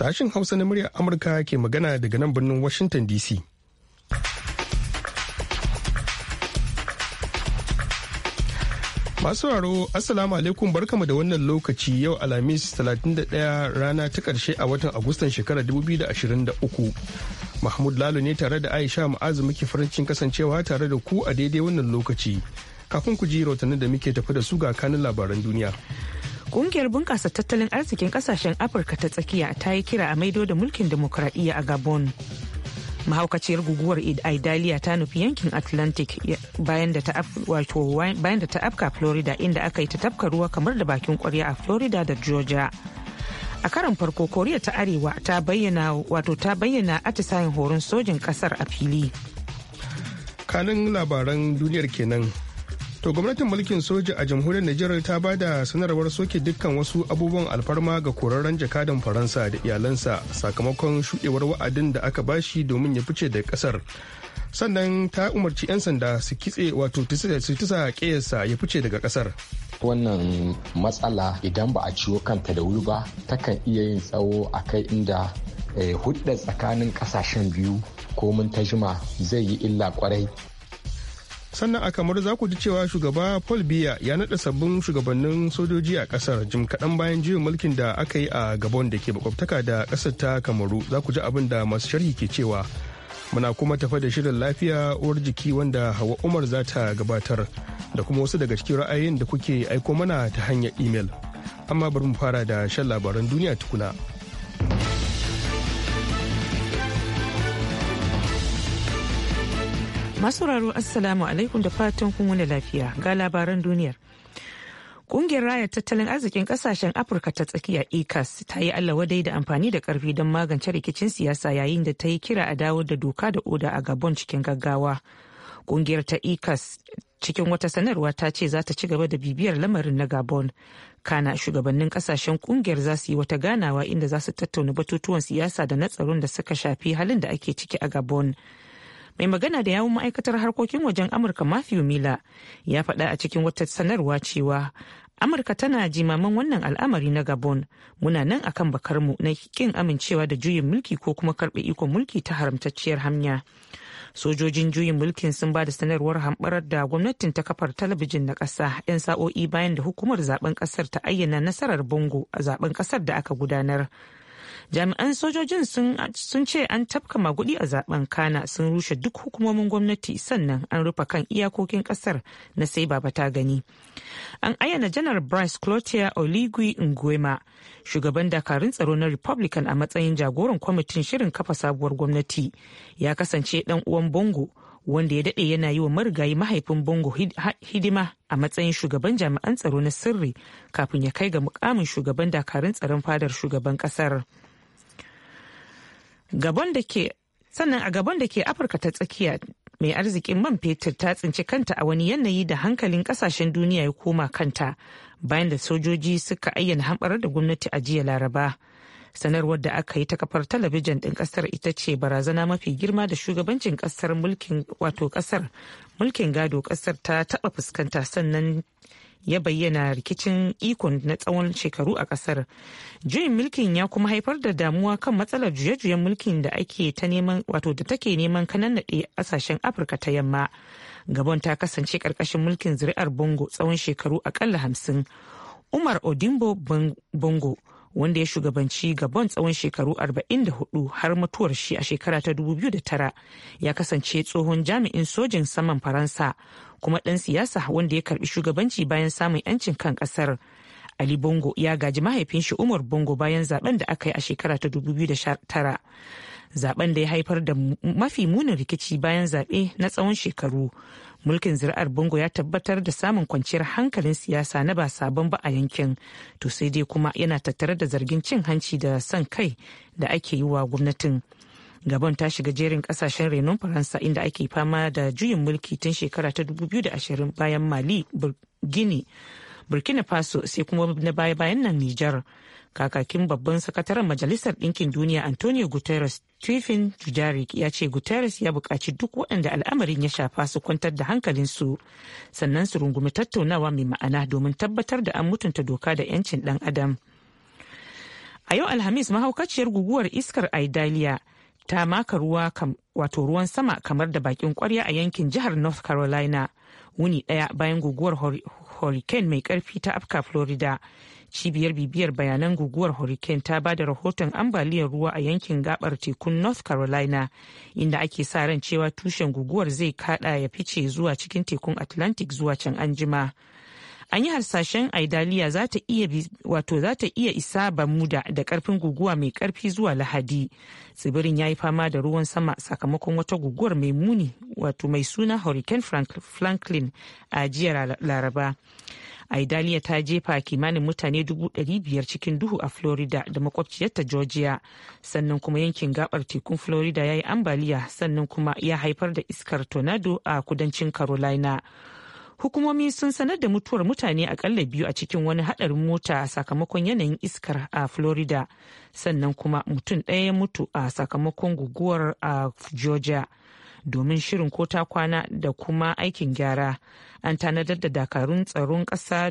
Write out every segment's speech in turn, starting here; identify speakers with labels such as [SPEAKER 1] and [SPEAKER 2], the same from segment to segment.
[SPEAKER 1] Sashen Hausa na muryar Amurka ke magana daga nan birnin Washington DC. Masu raro, Assalamu alaikum barkamu da wannan lokaci yau Alhamis 31 rana ta karshe a watan Agustan shekarar 2023. Mahmud Lalo ne tare da Aisha Ma'azu muke farancin kasancewa tare da ku a daidai wannan lokaci. Kafin ku ji rautanin da muke tafi da su ga kanin labaran duniya.
[SPEAKER 2] Kungiyar bunƙasa tattalin arzikin ƙasashen Afirka ta tsakiya ta yi kira a maido da mulkin demokuraɗiyya a Gabon. mahaukaciyar guguwar Idalia ta nufi yankin atlantic bayan da ta afka florida inda aka yi ta tafka ruwa kamar da bakin kwarya a florida da georgia a karan farko koriya ta arewa ta bayyana wato ta bayyana atisayen horon sojin ƙasar a fili
[SPEAKER 1] kanin labaran duniyar kenan To gwamnatin mulkin soja a jamhuriyar Nijar ta ba da sanarwar soke dukkan wasu abubuwan alfarma ga korarren jakadan Faransa da iyalansa sakamakon shuɗewar wa'adin da aka bashi domin ya fice da ƙasar. Sannan ta umarci 'yan sanda su kitse wato su tisa ƙeyarsa ya fice daga ƙasar.
[SPEAKER 3] Wannan matsala idan ba a ciwo kanta da wuri ba takan iya yin tsawo a kai inda eh, hudda tsakanin ƙasashen biyu ko mun ta jima zai yi illa kwarai
[SPEAKER 1] sannan a kamar za ku ji cewa shugaba paul biya ya naɗa sabbin shugabannin sojoji a ƙasar jim kaɗan bayan juyin mulkin da aka yi a gabon da ke makwabtaka da ƙasar ta kamaru za ku ji abin da masu sharhi ke cewa muna kuma tafa da shirin lafiya uwar jiki wanda hawa umar za ta gabatar da kuma wasu daga cikin ra'ayin da kuke aiko mana ta hanyar imel amma bari mu fara da shan labaran duniya tukuna.
[SPEAKER 2] Masu raro Assalamu alaikum da fatan kun wani lafiya ga labaran duniyar. Kungiyar raya tattalin arzikin kasashen Afirka ta tsakiya ECAS ta yi wadai da amfani da karfi don magance rikicin siyasa yayin da ta yi kira a dawo da doka da oda a Gabon cikin gaggawa. Kungiyar ta ECAS cikin wata sanarwa ta ce za ta ci gaba da bibiyar lamarin na Gabon. Kana shugabannin kasashen kungiyar za su yi wata ganawa inda za su tattauna batutuwan siyasa da na tsaron da suka shafi halin da ake ciki a Gabon. mai magana da yawun ma'aikatar harkokin wajen amurka matthew miller ya faɗa a cikin wata sanarwa cewa amurka tana jimaman wannan al'amari na gabon muna nan akan bakarmu na kin amincewa da juyin mulki ko kuma karɓe ikon mulki ta haramtacciyar hanya sojojin juyin mulkin sun ba da sanarwar hamɓarar da gwamnatin ta kafar talabijin na ƙasa 'yan sa'o'i bayan da hukumar zaben ƙasar ta ayyana nasarar bongo a zaben ƙasar da aka gudanar jami'an sojojin sun ce an tafka magudi a zaben kana sun rushe duk hukumomin gwamnati sannan an rufe kan iyakokin kasar na sai baba ta gani an ayyana janar bryce clotier oligui nguema shugaban dakarun tsaro na republican a matsayin jagoran kwamitin shirin kafa sabuwar gwamnati ya kasance dan uwan bongo wanda ya daɗe yana yi wa marigayi mahaifin bongo hidima a matsayin shugaban jami'an tsaro na sirri kafin ya kai ga mukamin shugaban dakarun tsaron fadar shugaban ƙasar. sannan a gaban da ke Afirka ta tsakiya mai arzikin man fetur ta tsinci kanta a wani yanayi da hankalin kasashen duniya ya koma kanta bayan da sojoji suka ayyana hamɓarar da gwamnati a jiya laraba sanarwar da aka yi ta kafar talabijin ɗin ƙasar ita ce barazana mafi girma da shugabancin ƙasar mulkin wato ƙasar mulkin gado ƙasar ta taɓa fuskanta sannan ya bayyana rikicin ikon na tsawon shekaru a kasar juyin mulkin ya kuma haifar da damuwa kan matsalar juye-juyen mulkin da ake ta neman wato da take neman kananade kasashen afirka ta yamma gabon ta kasance karkashin mulkin zuri'ar bongo tsawon shekaru akalla hamsin umar odimbo bongo wanda ya shugabanci gabon tsawon shekaru 44 har mutuwar shi a shekara ta 2009 ya kasance tsohon jami'in sojin saman faransa kuma ɗan siyasa wanda ya karbi shugabanci bayan samun 'yancin kan ƙasar ali bongo ya gaji mahaifin shi umar bongo bayan zaben da aka yi a shekara ta 2009 zaben da ya haifar da mafi munin rikici bayan zaɓe na tsawon shekaru mulkin zuri'ar bongo ya tabbatar da samun kwanciyar hankalin siyasa na ba sabon ba a yankin to sai dai kuma yana tattare da zargin cin hanci da son kai da ake yi wa gwamnatin gabon ta shiga jerin kasashen renon faransa inda ake fama da juyin mulki tun shekara ta 2020 bayan mali gini burkina faso sai kuma na baya-bayan nan nijar kakakin babban sakataren majalisar ɗinkin duniya antonio guterres Tifin Jujarik ya ce Guterres ya buƙaci duk waɗanda al'amarin ya shafa su kwantar da hankalinsu sannan su rungumi tattaunawa mai ma'ana domin tabbatar da an mutunta doka da 'yancin ɗan adam. A yau Alhamis mahaukaciyar guguwar iskar idalia ta maka ruwa wato ruwan sama kamar da bakin kwarya a yankin jihar North Carolina wuni ɗaya bayan guguwar hurricane mai ƙarfi ta afka Florida cibiyar bibiyar bayanan guguwar hurricane ta ba da rahoton ambaliyar ruwa a yankin gabar tekun north carolina inda ake sa ran cewa tushen guguwar zai kada ya fice zuwa cikin tekun atlantic zuwa can anjima an yi harsashen aidaliya za ta iya wato isa bamuda da karfin guguwa mai karfi zuwa lahadi tsibirin ya yi fama da ruwan sama sakamakon wata guguwar mai muni wato mai suna hurricane franklin a jiya laraba aidaliya ta jefa kimanin mutane 500 cikin duhu a florida da makwabciyarta georgia sannan kuma yankin gabar tekun florida ya yi ambaliya sannan kuma ya haifar da iskar tornado a kudancin carolina hukumomi sun sanar da mutuwar mutane akalla biyu a cikin wani hadarin mota sakamakon yanayin iskar a florida sannan kuma mutum ɗaya ya mutu a sakamakon guguwar a georgia domin shirin ko ta kwana da kuma aikin gyara an tanadar da dakarun tsaron ƙasa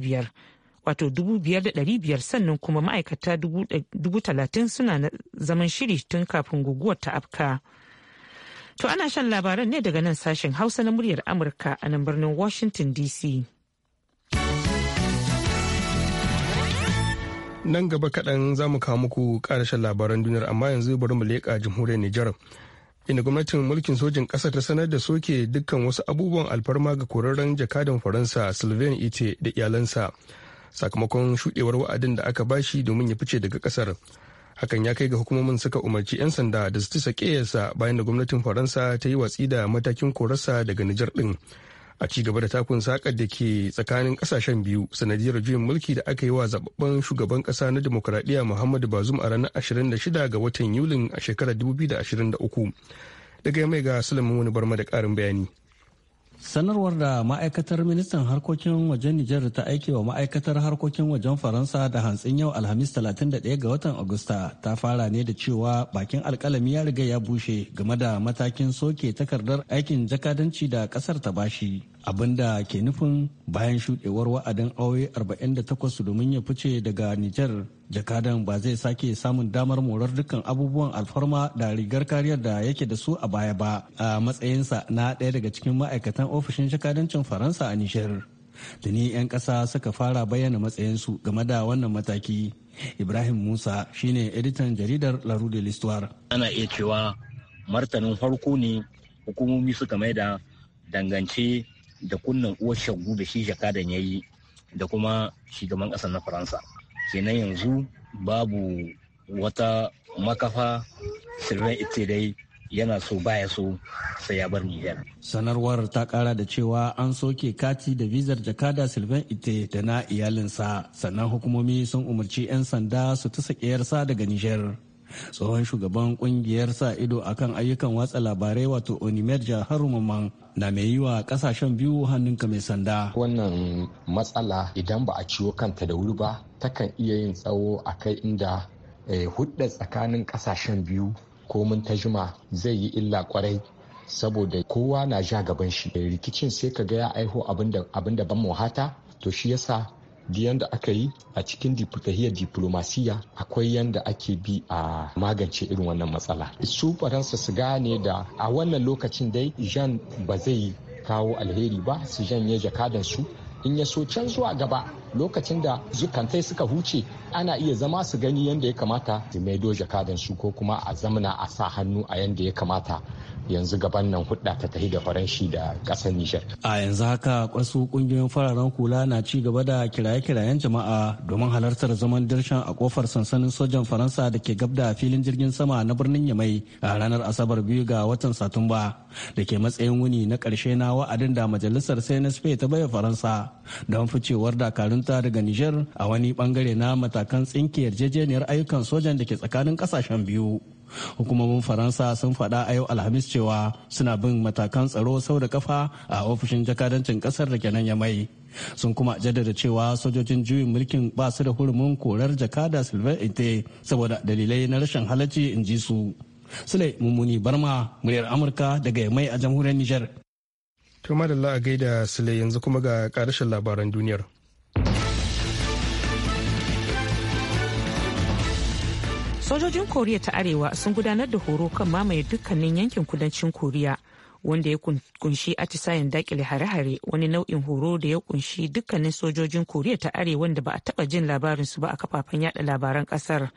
[SPEAKER 2] biyar. wato biyar sannan kuma ma'aikata talatin suna zaman shiri tun kafin guguwar ta afka. To ana shan labaran ne daga nan sashen Hausa na muryar Amurka a nan birnin Washington DC. Nan gaba
[SPEAKER 1] kaɗan za mu kawo muku ƙarashen labaran duniyar amma yanzu bari mu leƙa jamhuriyar Nijar. Inda gwamnatin mulkin sojin ƙasa ta sanar da soke dukkan wasu abubuwan alfarma ga korarren jakadan Faransa Sylvain Ite da iyalansa sakamakon shuɗewar wa'adin da aka bashi domin ya fice daga ƙasar. hakan ya kai ga hukumomin suka umarci 'yan sanda da su tisa ƙeyarsa bayan da gwamnatin faransa ta yi watsi da matakin korarsa daga nijar ɗin a ci gaba da takun sakar da ke tsakanin kasashen biyu sanadiyar juyin mulki da aka yi wa zababben shugaban kasa na demokuraɗiyya muhammadu bazum a ranar 26 ga watan yulin a shekarar 2023 daga mai ga sulaiman wani barma da ƙarin bayani sanarwar da ma'aikatar ministan
[SPEAKER 4] harkokin wajen nijar ta aiki wa ma'aikatar harkokin wajen faransa da hantsin yau alhamis 31 ga watan agusta ta fara ne da cewa bakin alkalami ya riga ya bushe game da matakin soke takardar aikin jakadanci da kasar ta bashi abinda ke nufin bayan shuɗewar wa'adin aure 48 domin ya fice daga Nijar jakadan ba zai sake samun damar morar dukkan abubuwan alfarma da rigar kariyar da yake da su a baya ba a matsayinsa na ɗaya daga cikin ma'aikatan ofishin jakadancin faransa a nijar da ni 'yan ƙasa suka fara bayyana matsayinsu game da wannan mataki ibrahim musa shine editan jaridar larude de
[SPEAKER 3] ana iya cewa martanin farko ne hukumomi suka maida dangance da kunnan uwar shagu da shi jakadan ya yi da kuma shugaban ƙasar na faransa kenan yanzu babu wata makafa sirrin ita dai yana so
[SPEAKER 4] baya so sai ya bar Nijar. Sanarwar ta kara da cewa an soke kati da vizar jakada Sylvain Ite da na iyalinsa sannan hukumomi sun umarci 'yan sanda su ta sakiyarsa daga Nijar. tsohon shugaban kungiyar sa ido akan ayyukan watsa labarai wato onimed jihar Maman na mai yi wa kasashen biyu hannunka mai sanda.
[SPEAKER 3] Wannan matsala idan ba a ciwo kanta da wuri ba takan iya yin tsawo a kai inda eh, hudda tsakanin kasashen biyu ko mun ta jima zai yi illa kwarai saboda kowa na ja gaban shi rikicin sai ka ga ya aiho abin da ban muhata to shi yasa da yadda aka yi a cikin tahiyar diplomasiya akwai yadda ake bi a magance irin wannan matsala su faransa su gane da a wannan lokacin dai jean ba zai kawo alheri ba su janye jakadan su in ya so can zuwa gaba lokacin da zukantai suka huce ana iya zama su gani yadda ya kamata su maido jakadan su ko kuma a zamana a sa hannu a yadda ya kamata yanzu gaban nan hudda ta tafi da faranshi da kasar Nijar.
[SPEAKER 4] A yanzu haka kwasu kungiyoyin fararen kula na ci gaba da kiraye-kirayen jama'a domin halartar zaman dirshan a kofar sansanin sojan Faransa da ke gabda da filin jirgin sama na birnin Yamai a ranar Asabar biyu ga watan Satumba da ke matsayin wuni na karshe na wa'adin da majalisar CNSP ta baya Faransa don ficewar dakarunta daga Nijar a wani bangare na matakan tsinke yarjejeniyar ayyukan sojan da ke tsakanin ƙasashen biyu. hukumomin faransa sun faɗa a yau alhamis cewa suna bin matakan tsaro sau da kafa a ofishin jakadancin ƙasar da kenan ya mai sun kuma jaddada cewa sojojin juyin mulkin ba su da hurumin korar jakada silver ite saboda dalilai na rashin halacci in ji su sule mummuni barma muryar
[SPEAKER 1] amurka daga mai a jamhuriyar nijar to madalla a gaida sule yanzu kuma ga karashin labaran duniyar
[SPEAKER 2] sojojin koriya ta arewa sun gudanar da horo kan mamaye dukkanin yankin kudancin koriya wanda ya kunshi atisayen dakile hare-hare wani nau'in horo da ya kunshi dukkanin sojojin koriya ta arewa da ba a taba jin su ba a kafafen yada labaran kasar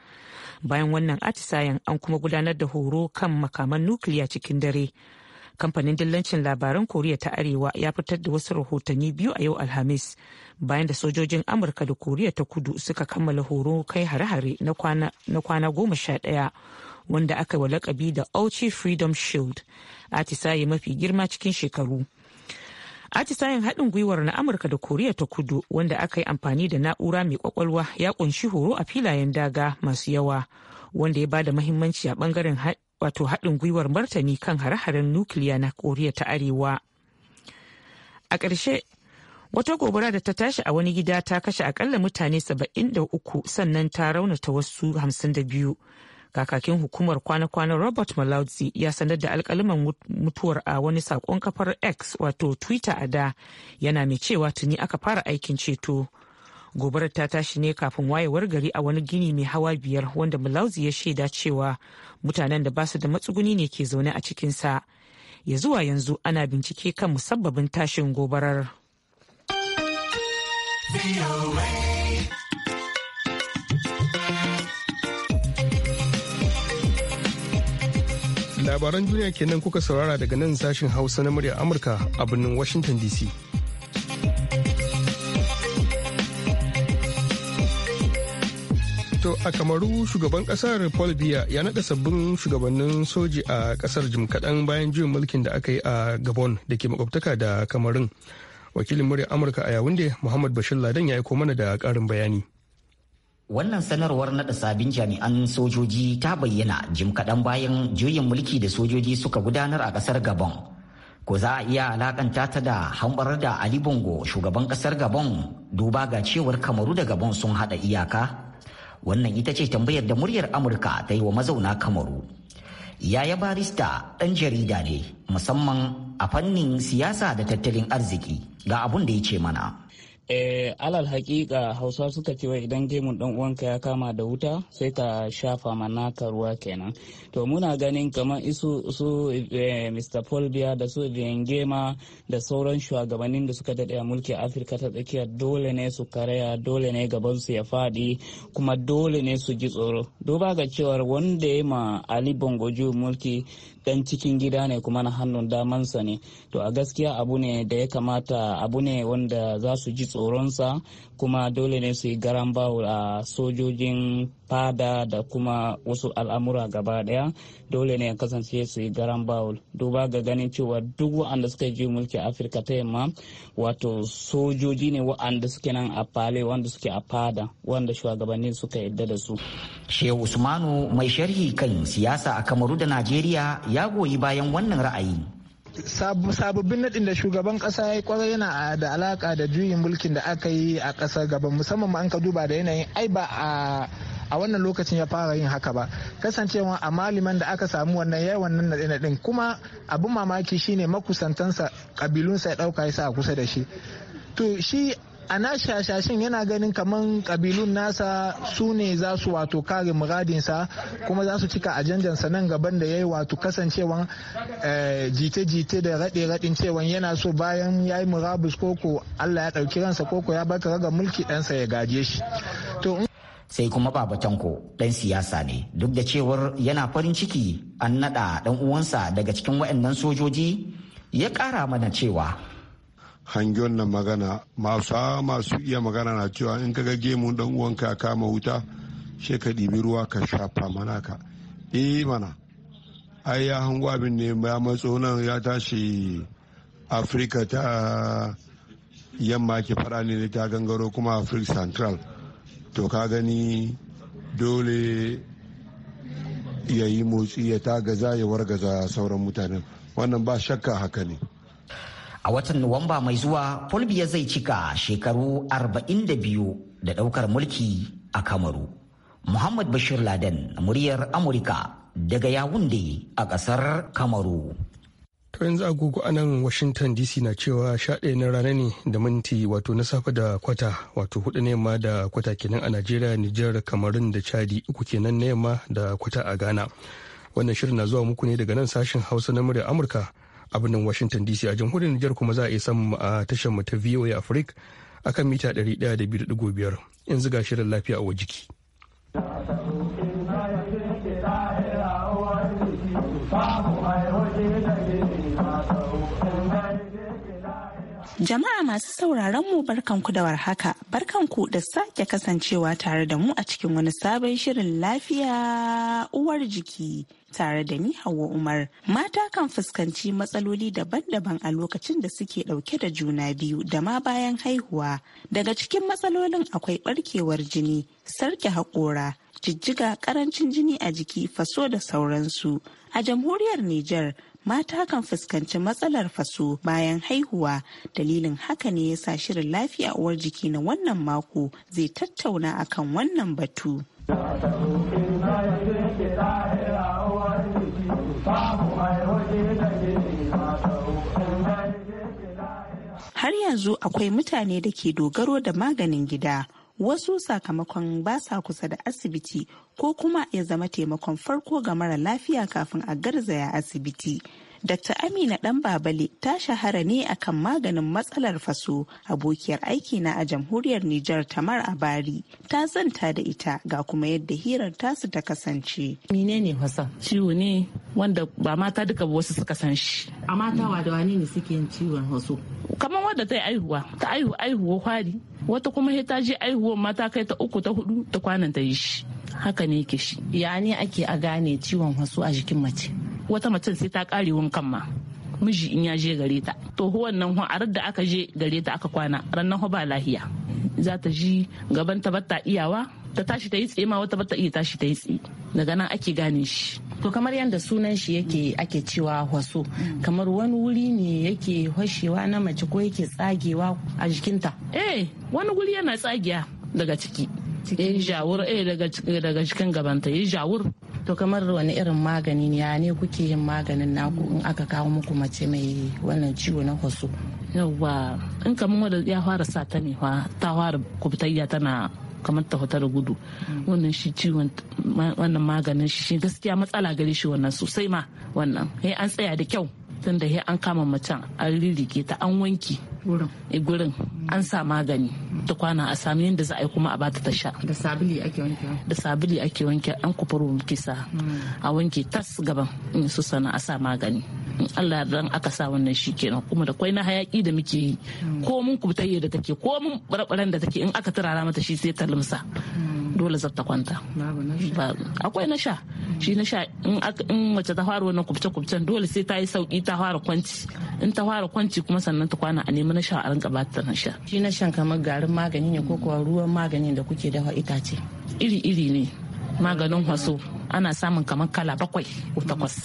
[SPEAKER 2] bayan wannan atisayen an kuma gudanar da horo kan makaman nukiliya cikin dare kamfanin dillancin labaran koriya ta arewa ya fitar da wasu rahotanni biyu a yau alhamis bayan da sojojin amurka da koriya ta kudu suka kammala horo kai hare-hare na kwana goma sha ɗaya wanda aka wa lakabi da auchi freedom shield atisaye mafi girma cikin shekaru atisayen haɗin gwiwar na amurka da koriya ta kudu wanda aka yi amfani da na'ura mai kwakwalwa ya ƙunshi horo a filayen daga masu yawa wanda ya ba da mahimmanci a ɓangaren wato haɗin gwiwar martani kan hare-haren nukiliya na koriya ta arewa a ƙarshe wata gobara da ta tashi a wani gida ta kashe akalla mutane saba'in da uku sannan ta raunata wasu 52 kakakin hukumar kwana kwana robert malauzi ya sanar da alkalaman mutuwar a wani saƙon kafar x wato twitter a da yana mai cewa tuni aka fara aikin ceto gobarar ta tashi ne kafin wayewar gari a wani gini mai hawa biyar wanda mulauzi ya shaida cewa mutanen da basu da matsuguni ne ke zaune a cikinsa ya zuwa yanzu ana bincike kan musabbabin tashin gobarar
[SPEAKER 1] labaran duniya kenan kuka saurara daga nan sashin hausa na murya amurka a birnin washington dc to a kamaru shugaban kasar paul ya naɗa sabbin shugabannin soji a kasar jim kaɗan bayan juyin mulkin da aka yi a gabon da ke makwabtaka da kamarun wakilin murya amurka a yawunde muhammad bashir ladan ya ko mana da karin bayani Wannan sanarwar naɗa
[SPEAKER 2] sabin jami'an sojoji ta bayyana jim kaɗan bayan juyin mulki da sojoji suka gudanar a ƙasar Gabon. Ko za a iya alakanta ta da hambarar da Ali Bongo shugaban ƙasar Gabon duba ga cewar kamaru da Gabon sun haɗa iyaka wannan ita ce tambayar da muryar amurka ta yi wa mazauna kamaru yaya barista ɗan jarida ne musamman a fannin siyasa da tattalin arziki ga abun da ya ce mana
[SPEAKER 5] Eh, alal hakika hausa suka cewa idan gemun dan uwanka ya kama da wuta sai ka shafa mana ka ruwa kenan to muna ganin kamar isu su eh, mr paul biya da su gema da sauran shugabannin da suka dade a mulki afirka ta tsakiya dole ne su karaya dole ne gaban su ya fadi kuma dole ne su ji tsoro duba ga cewar wanda ya ma ali bongoju mulki dan cikin gida ne kuma na hannun damansa ne to a gaskiya abu ne da ya kamata abu ne wanda za su ji tsoronsa kuma dole ne su yi garan a sojojin fada da kuma wasu al'amura gaba daya dole ne ya kasance su yi garan bawul duba ga ganin cewa duk wa'anda suka ji mulki afirka ta yamma wato sojoji ne wa'anda suke nan a fale wanda suke a fada wanda shugabanni suka yadda da su
[SPEAKER 2] shehu usmanu mai sharhi kan siyasa a kamaru da najeriya ya goyi bayan wannan ra'ayi
[SPEAKER 3] sababbin nadin da shugaban kasa ya yi kwarai yana da alaka da juyin mulkin da aka yi a kasar gaban musamman ma an ka duba da yanayin ai ba a a wannan lokacin ya fara yin haka ba kasancewa a maliman da aka samu wannan yayi wannan naɗin din kuma abin mamaki shine makusantansa kabilunsa ya ɗauka ya sa kusa da shi to shi a na shashashin yana ganin kamar kabilun nasa su ne za su wato kare muradinsa kuma za su cika ajandansa nan gaban da ya yi wato kasancewa eh, jite-jite da raɗe-raɗin cewa yana so bayan ya yi murabus koko allah ya ɗauki ransa koko ya baka raga mulki ɗansa ya gaje shi sai kuma Baba Tanko
[SPEAKER 2] ɗan siyasa ne duk da cewar yana farin ciki an naɗa ɗan uwansa daga cikin waɗannan sojoji ya ƙara mana cewa hangen na magana
[SPEAKER 1] masu masu iya magana na cewa in ka kaga gemun dan uwanka ka kama wuta she ka ɗibi ruwa ka shafa mana ka eh mana ai ya hango abin ne ya matso nan ya tashi afirka ta yamma ke fara ne ta gangaro kuma afirka central to ka gani dole ya yi motsi ya ta gaza ya wargaza sauran mutanen
[SPEAKER 2] wannan ba shakka haka ne A watan Nuwamba mai zuwa, Fulbiya zai cika shekaru 42 da ɗaukar mulki a Kamaru. Muhammad Bashir Laden, muryar Amurka daga Yawunde a kasar Kamaru.
[SPEAKER 1] To yanzu agogo a nan Washington DC na cewa sha ɗaya na rana ne da minti wato na safe da kwata wato hudu na yamma da kwata kenan a Najeriya, Nijar, Kamarun da Chadi uku kenan na yamma da kwata a Ghana. Wannan shirin na zuwa muku ne daga nan sashen Hausa na murya Amurka a birnin Washington DC a jamhuriyar Nijar kuma za a iya samu a tashar mu ta VOA Africa akan mita 15 yanzu ga shirin lafiya a wajiki.
[SPEAKER 6] Jama'a masu sauraron mu barkanku da warhaka, barkanku da sake kasancewa tare da mu a cikin wani sabon shirin lafiya uwar jiki. tare da ni Hauwa Umar. Mata kan fuskanci matsaloli daban-daban a lokacin da suke ɗauke da juna biyu da ma bayan haihuwa. Daga cikin matsalolin akwai ɓarkewar jini, sarki haƙora, jijjiga, ƙarancin jini a jiki, faso da sauransu. A jamhuriyar Nijar, mata kan fuskanci matsalar faso bayan haihuwa dalilin haka ne ya sa shirin lafiya uwar jiki na wannan mako zai tattauna akan wannan batu. har yanzu akwai mutane da ke dogaro da maganin gida wasu sakamakon ba sa kusa da asibiti ko kuma ya zama taimakon farko ga mara lafiya kafin a garzaya asibiti Dr. Amina Dan Babale ta shahara ne akan maganin matsalar faso abokiyar aiki na a jamhuriyar Nijar Tamar Abari ta zanta da ita ga kuma yadda hirar
[SPEAKER 5] tasu ta kasance. Mine ne fasan? Ciwo ne wanda ba mata duka ba wasu suka san shi. A mata wa da wani ne suke yin ciwon faso? Kamar wadda ta yi aihuwa, ta aihu aihuwa kwari, wata kuma ta je aihuwa mata kai ta uku ta hudu ta kwanan ta yi shi. Haka ne yake shi. Ya ne ake a gane ciwon faso a jikin mace? wata mutum sai ta kare wankan ma miji in ya je gare ta to wannan ho a da aka je gare ta aka kwana rannan ho ba lahiya za ta ji gaban ta batta iyawa ta tashi ta yi tsaye ma wata batta iya tashi ta yi tsaye daga nan ake gane shi to kamar yadda sunan shi yake ake cewa waso kamar wani wuri ne yake hwashewa na mace ko yake tsagewa a jikinta eh wani wuri yana tsagiya daga ciki ya eh, jawur eh daga cikin gabanta ya eh, jawur to kamar wani irin magani ne ya ne kuke yin maganin naku in aka kawo muku mace mai wannan ciwo na kwaso yawwa in kamar wadda ya fara sa ta ne ta fara kubtayya tana kamar ta da gudu wannan shi ciwon wannan maganin shi gaskiya matsala gare shi wannan sosai ma wannan eh, an tsaya da kyau tun da an kama macen an rirrike ta an wanki eh, gurin an sa magani ta kwana a sami yadda za a yi kuma a bata ta sha da sabili ake wanke da sabili ake wanke an kufuru kisa hmm. a wanke tas gaban in su sana a sa magani in Allah dan aka sa wannan shi kenan kuma da kwai na hayaki da muke yi hmm. ko mun kubutayya da take ko mun barbaran da take in aka turara mata shi sai ta lamsa. Hmm. dole za ta kwanta akwai na sha shi na sha in wace ta fara wannan kubce-kubcen dole sai ta yi sauki ta fara kwanci in ta fara kwanci kuma sannan ta kwana a nemi na sha a rinka ba ta na sha shi na shan kamar garin magani ne ko kuwa ruwan magani da kuke dafa itace iri-iri ne maganin haso ana samun kamar kala bakwai ko takwas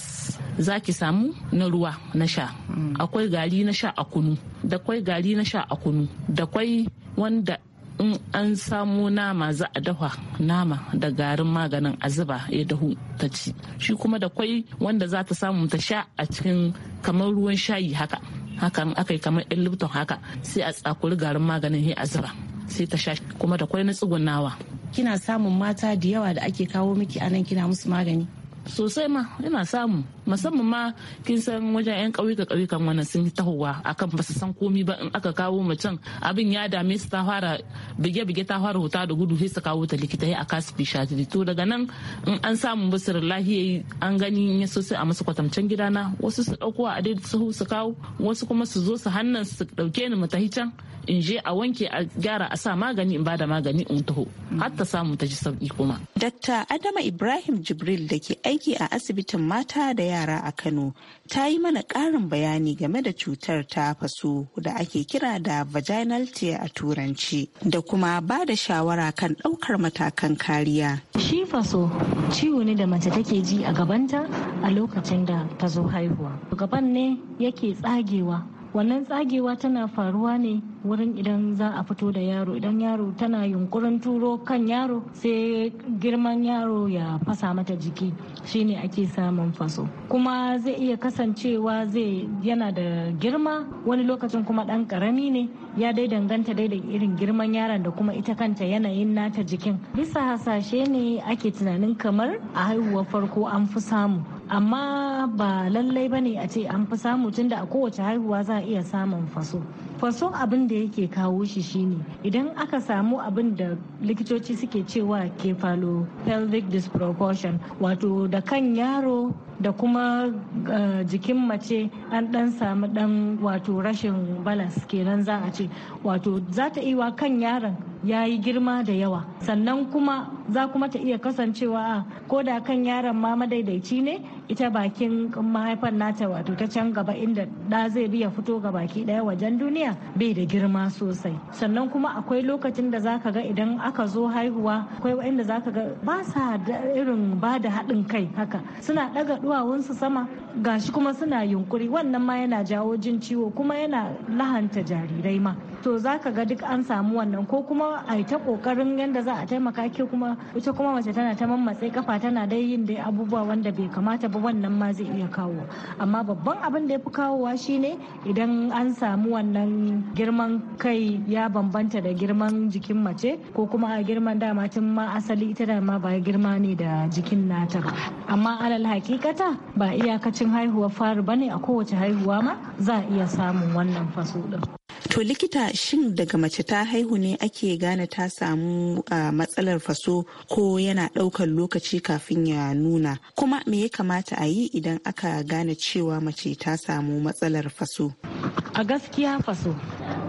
[SPEAKER 5] za ki samu na ruwa na sha mm. akwai gari na sha a kunu da kwai gari na sha a kunu da kwai wanda in an samo nama za a dafa nama da garin maganin a zuba ya dahu ta ci shi kuma da kwai wanda za ta samu ta sha a cikin kamar ruwan shayi haka hakan aka kamar yan lipton haka sai a tsakuri garin maganin a zuba sai ta sha kuma da kwai na tsugunawa kina samun mata da yawa da ake kawo miki anan kina musu magani sosai ma ina samu musamman ma kin san wajen yan ƙauyuka ƙauyukan wannan sun yi tahowa akan ba su san komi ba in aka kawo mutum abin ya dame su ta fara bige-bige ta fara huta da gudu sai su kawo ta likita a kasu bishati to daga nan in an samu basirin lafiya an gani ya so a masu kwatamcen gidana wasu su ɗauko a daidai su su kawo wasu kuma su zo su hannun su ɗauke ni mu tahi can in je a wanke a gyara a sa magani in bada magani in taho har ta samu ta ji sauki kuma. Dakta Adama Ibrahim Jibril da ke aiki aiki a asibitin mata da yara a Kano ta yi mana
[SPEAKER 6] ƙarin bayani game da cutar ta faso da ake kira da vaginal tear a turanci da kuma ba da shawara kan ɗaukar matakan kariya.
[SPEAKER 7] Shi faso ciwo ne da mace take ji a gabanta a lokacin da ta zo haihuwa. Gaban ne yake tsagewa wannan tsagewa tana faruwa ne wurin idan za a fito da yaro idan yaro tana yunkurin turo kan yaro sai girman yaro ya fasa mata jiki shine ake samun faso kuma zai iya kasancewa zai yana da girma wani lokacin kuma dan karami ne ya dai danganta dai da irin girman yaron da kuma ita kanta yanayin nata jikin bisa hasashe ne ake tunanin kamar a haihuwar farko an fi samu amma ba lallai bane a ce an fi samu tunda a kowace haihuwa za a iya samun faso faso abin da yake kawo shi shine idan aka samu abin da likitoci suke cewa kefalo pelvic disproportion wato da kan yaro da kuma eh, jikin mace an dan samu dan wato rashin balas kenan za a ce wato za ta iya kan yaron ya yi girma da yawa sannan kuma za kuma ta iya kasancewa ko da kan yaron ma madaidaici ne ita bakin mahaifar nata wato ta can gaba inda da zai bi ya fito ga baki daya wajen duniya bai da girma sosai sannan kuma akwai lokacin da zaka ga idan aka zo haihuwa akwai wanda zaka ga ba sa da irin ba da haɗin kai haka suna ɗaga duwawunsu sama gashi kuma suna yunkuri wannan ma yana jawo jin ciwo kuma yana lahanta jarirai ma to zaka ga duk an samu wannan ko kuma a ta kokarin yadda za a taimaka ke kuma ita kuma mace tana ta mammatse kafa tana dai yin dai abubuwa wanda bai kamata ba ba wannan ma zai iya kawo amma babban abin da ya fi kawowa shine idan an samu wannan girman kai ya bambanta da girman jikin mace ko kuma a girman dama tun ma asali ita dama ba girma ne da jikin nata ba amma alal hakikata ba iyakacin haihuwar fari ne a kowace haihuwa ma za a iya samun wannan faso din
[SPEAKER 6] To likita shin daga mace ta haihu ne ake gane ta samu matsalar faso ko yana ɗaukar lokaci kafin ya nuna kuma me ya kamata a yi idan aka gane cewa mace ta samu matsalar faso?
[SPEAKER 7] A gaskiya faso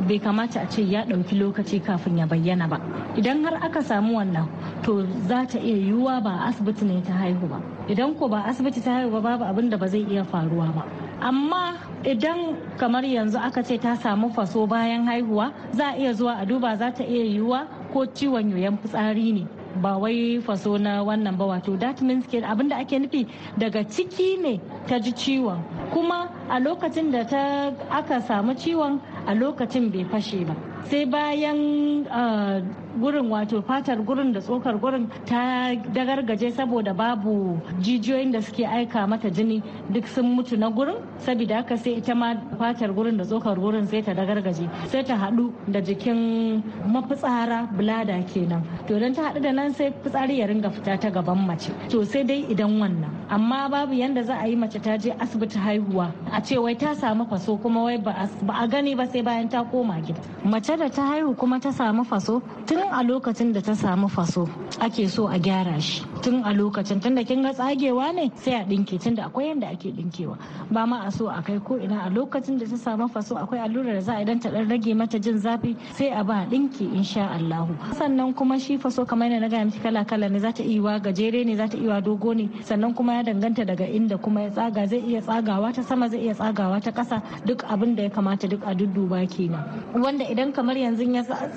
[SPEAKER 7] bai kamata a ce ya ɗauki lokaci kafin ya bayyana ba. Idan har aka samu wannan to za ta iya yiwuwa ba asibiti ne ta haihu ba. Idan ko ba asibiti ta haihu ba babu abin da ba zai iya faruwa ba. Amma idan kamar yanzu aka ce ta samu faso bayan haihuwa za a iya zuwa a duba za ta iya yiwuwa ko ciwon yoyon fitsari ne ba wai faso na wannan ba wato that means ke da ake nufi daga ciki ne ta ji ciwon kuma a lokacin da ta aka samu ciwon a lokacin bai fashe ba sai bayan uh, gurin wato fatar gurin da tsokar gurin ta dagargaje saboda babu jijiyoyin da suke aika mata jini duk sun mutu na gurin saboda haka sai ita ma fatar gurin da tsokar gurin sai ta dagargaje sai ta hadu da jikin mafitsara bulada kenan to idan ta hadu da nan sai fitsari ya ringa fita ta gaban mace to sai dai idan wannan amma babu yanda za a yi mace ta je asibiti haihuwa a ce wai ta samu faso kuma wai ba a gani ba sai bayan ta koma gida mace da ta haihu kuma ta samu faso tun a lokacin da ta samu faso ake so a gyara shi tun a lokacin tunda kin ga tsagewa ne sai a dinke tunda akwai yanda ake dinkewa ba ma a so a kai ko ina a lokacin da ta samu faso akwai allurar da za a idan ta dan rage mata jin zafi sai a ba a dinki insha Allahu sannan kuma shi faso kamar yadda na ga miki kala kala ne za ta iya gajere ne za ta iya dogo ne sannan kuma ya danganta daga inda kuma ya tsaga zai iya tsagawa ta sama zai iya tsagawa ta kasa duk abin da ya kamata duk a dudduba kenan wanda idan kamar yanzu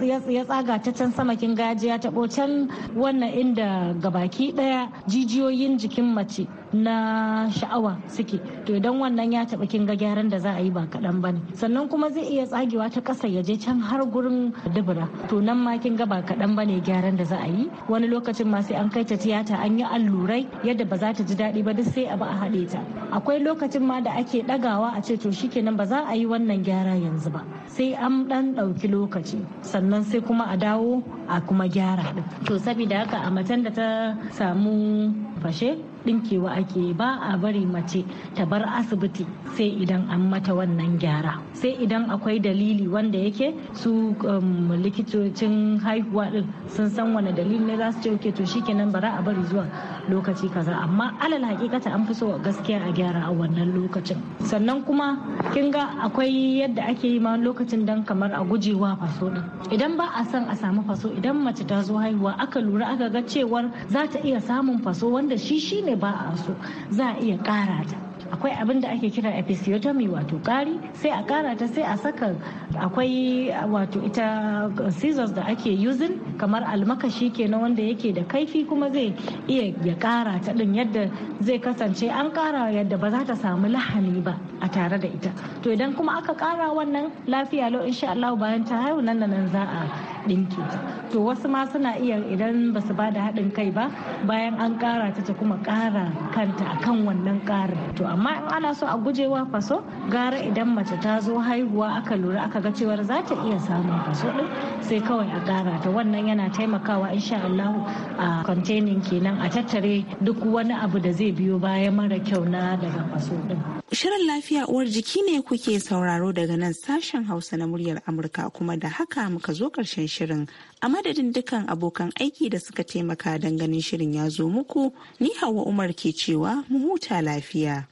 [SPEAKER 7] ya tsaga ta can sama kin gajiya ta can wannan inda gabaki ɗaya daya jijiyoyin jikin mace na sha'awa suke to idan wannan ya taɓa kin ga gyaran da za a yi ba kaɗan ba ne sannan kuma zai iya tsagewa ta ƙasa ya je can har gurin dubura to nan ma kin ga ba kaɗan ba ne gyaran da za a yi wani lokacin ma sai an kai ta tiyata an yi allurai yadda ba za ta ji daɗi ba duk sai a ba a haɗe ta akwai lokacin ma da ake ɗagawa a ce to shikenan ba za a yi wannan gyara yanzu ba sai an ɗan ɗauki lokaci sannan sai kuma a dawo a kuma gyara to saboda haka a matan da ta samu fashe kewa ake ba a bari mace ta bar asibiti sai idan an mata wannan gyara sai idan akwai dalili wanda yake su um, likitocin haihuwa din sun san wani dalili ne za su ce oke to shikenan bara a bari zuwa lokaci kaza amma alal hakikata an fi so gaskiya a gyara a wannan lokacin sannan kuma kin ga akwai yadda ake yi ma lokacin dan kamar a gujewa faso din idan ba a son a samu faso idan mace ta zo haihuwa aka lura aka ga cewar za ta iya samun faso wanda shi shine ba a so za a iya kara ta akwai abin da ake kira episiotomy wato ƙari sai a ƙarata ta sai a saka akwai wato ita scissors da ake using kamar almakashi kenan wanda yake da kaifi kuma zai iya ya ƙara ta ɗin yadda zai kasance an kara yadda ba za ta samu lahani ba a tare da ita to idan kuma aka ƙara wannan lafiya lo insha Allah bayan ta haihu nan nan za a ɗinki to wasu ma suna iya idan ba su ba da haɗin kai ba bayan an ƙara ta ta kuma ƙara kanta a kan wannan ƙarin to amma in ana so a gujewa faso gara idan mace ta zo haihuwa aka lura aka ga cewar za ta iya samun faso ɗin sai kawai a ƙara ta wannan yana taimakawa insha Allah a containing kenan a tattare duk wani abu da zai biyo bayan mara kyau na daga faso ɗin. Shirin lafiya uwar
[SPEAKER 6] jiki ne kuke sauraro daga nan sashen Hausa na muryar Amurka kuma da haka muka zo ƙarshen shirin a madadin dukkan abokan aiki da suka taimaka don ganin shirin ya zo muku ni hawa umar ke cewa mu huta lafiya.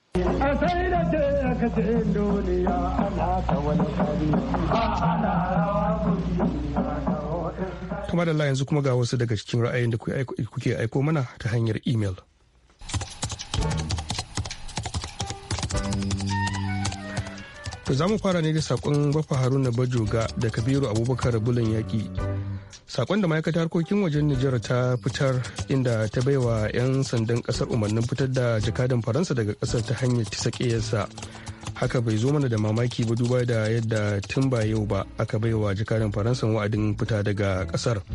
[SPEAKER 1] Tuma da yanzu kuma ga wasu daga cikin ra'ayin da kuke aiko mana ta hanyar imel. To za mu fara ne da sakon Bafa Haruna Bajoga da Kabiru Abubakar Bulan Yaƙi. Sakon da ma'aikatar harkokin wajen Nijar ta fitar inda ta baiwa 'yan sandan kasar umarnin fitar da jakadan Faransa daga kasar ta hanyar tisa ƙeyarsa. Haka bai zo mana da mamaki ba duba da yadda tun ba yau ba aka baiwa jakadan Faransa wa'adin fita daga kasar.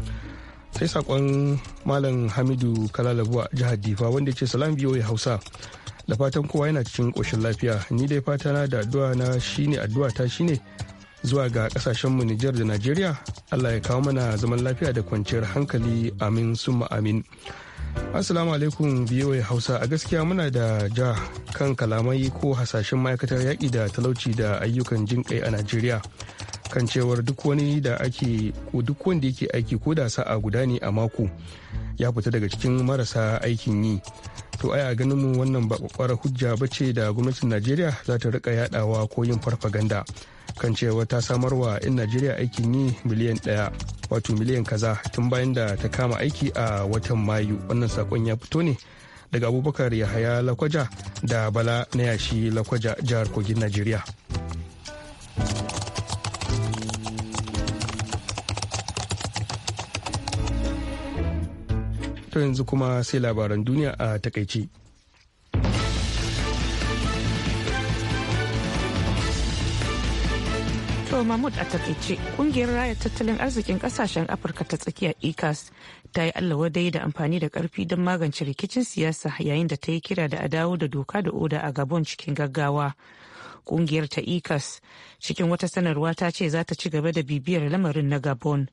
[SPEAKER 1] Sai sakon Malam Hamidu Kalalabuwa jihar Difa wanda ce salam biyo Hausa. da fatan kowa yana cikin ƙoshin lafiya ni dai fata na da addu'a na shine addu'a ta shine zuwa ga mu Nijar da Najeriya Allah ya kawo mana zaman lafiya da kwanciyar hankali amin summa amin Assalamu alaikum biyoyi Hausa a gaskiya muna da ja kan kalamai ko hasashen ma'aikatar yaƙi da talauci da ayyukan jinƙai a Najeriya kan cewar duk wani da ake duk wanda yake aiki ko da sa'a guda ne a mako ya fita daga cikin marasa aikin yi to aya ganin mu wannan ba kwakwara hujja ba ce da gwamnatin najeriya za ta rika yadawa ko yin farfaganda kan cewa ta samarwa 'yan najeriya aikin yi miliyan daya wato miliyan kaza tun bayan da ta kama aiki a watan mayu wannan sakon ya fito ne daga abubakar yahaya lakwaja da bala na yashi lakwaja jihar kogin najeriya to yanzu kuma sai labaran duniya a takaice.
[SPEAKER 2] To Mahmud a takaice kungiyar raya tattalin arzikin kasashen Afirka ta tsakiya ECAS ta yi allawa dai da amfani da karfi don magance rikicin siyasa yayin da ta yi kira da a dawo da doka da oda a Gabon cikin gaggawa. Kungiyar ta ECAS cikin wata sanarwa ta ce za ta ci gaba da bibiyar lamarin na Gabon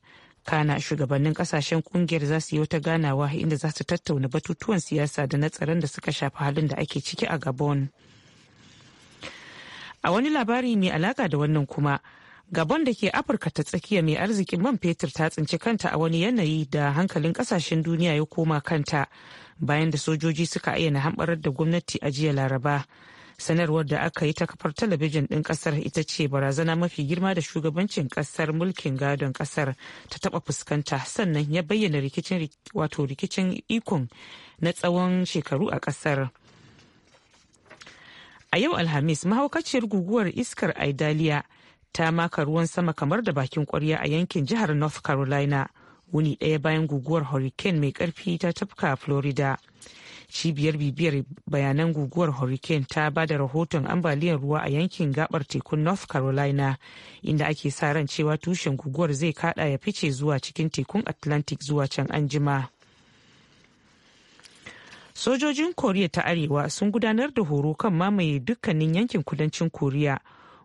[SPEAKER 2] kana shugabannin kasashen kungiyar za su yi wata ganawa inda za su tattauna batutuwan siyasa da na tsaron da suka shafi halin da ake ciki a gabon a wani labari mai alaka da wannan kuma gabon da ke afirka ta tsakiya mai arzikin man fetur ta tsinci kanta a wani yanayi da hankalin kasashen duniya ya koma kanta bayan da sojoji suka ayyana hamɓarar da gwamnati a jiya laraba sanarwar da aka yi ta kafar talabijin ɗin ƙasar ita ce barazana mafi girma da shugabancin ƙasar mulkin gadon ƙasar ta taɓa fuskanta sannan ya bayyana rikicin wato rikicin ikon na tsawon shekaru a ƙasar. A yau Alhamis mahaukaciyar guguwar iskar idaliya ta maka ruwan sama kamar da bakin ƙwarya a yankin jihar North Carolina wuni ɗaya bayan guguwar hurricane mai ƙarfi ta tafka florida cibiyar bibiyar bayanan guguwar hurricane ta ba da rahoton ambaliyar ruwa a yankin gabar tekun north carolina inda ake sa ran cewa tushen guguwar zai kada ya fice zuwa cikin tekun atlantic zuwa can anjima sojojin koriya ta arewa sun gudanar da horo kan mamaye dukkanin yankin kudancin koriya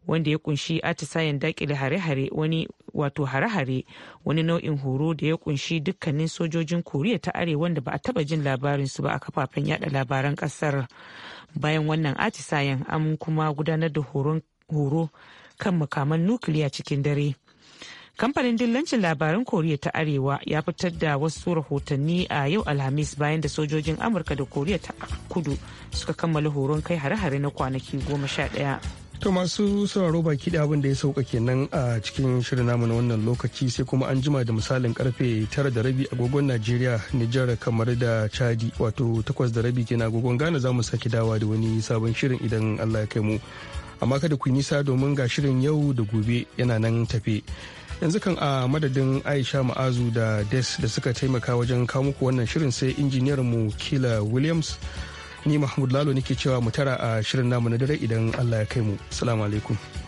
[SPEAKER 2] wanda ya kunshi atisayen dakile hare-hare wani wato hare-hare wani nau'in horo da ya kunshi dukkanin sojojin koriya ta arewa da ba a taba jin labarin su ba a kafafen yada labaran kasar bayan wannan atisayen an kuma gudanar da horo kan makaman nukiliya cikin dare kamfanin dillancin labaran koriya ta arewa ya fitar da wasu rahotanni a yau alhamis bayan da sojojin amurka da koriya ta kudu suka kammala horon kai hare-hare na kwanaki goma sha ɗaya. To
[SPEAKER 1] masu sauraro baki da abin da ya sauka kenan a cikin shirin namu na wannan lokaci sai kuma an jima da misalin karfe tara da rabi agogon Najeriya, Nijar kamar da Chadi wato takwas da rabi kenan agogon Ghana za mu sake dawa da wani sabon shirin idan Allah ya kai mu. Amma kada ku nisa domin ga shirin yau da gobe yana nan tafe. Yanzu kan a madadin Aisha Ma'azu da Des da suka taimaka wajen kawo muku wannan shirin sai injiniyar mu Kila Williams. ni mahmud lalo nake cewa mu tara a shirin namu na dare idan allah ya kai mu salamu alaikum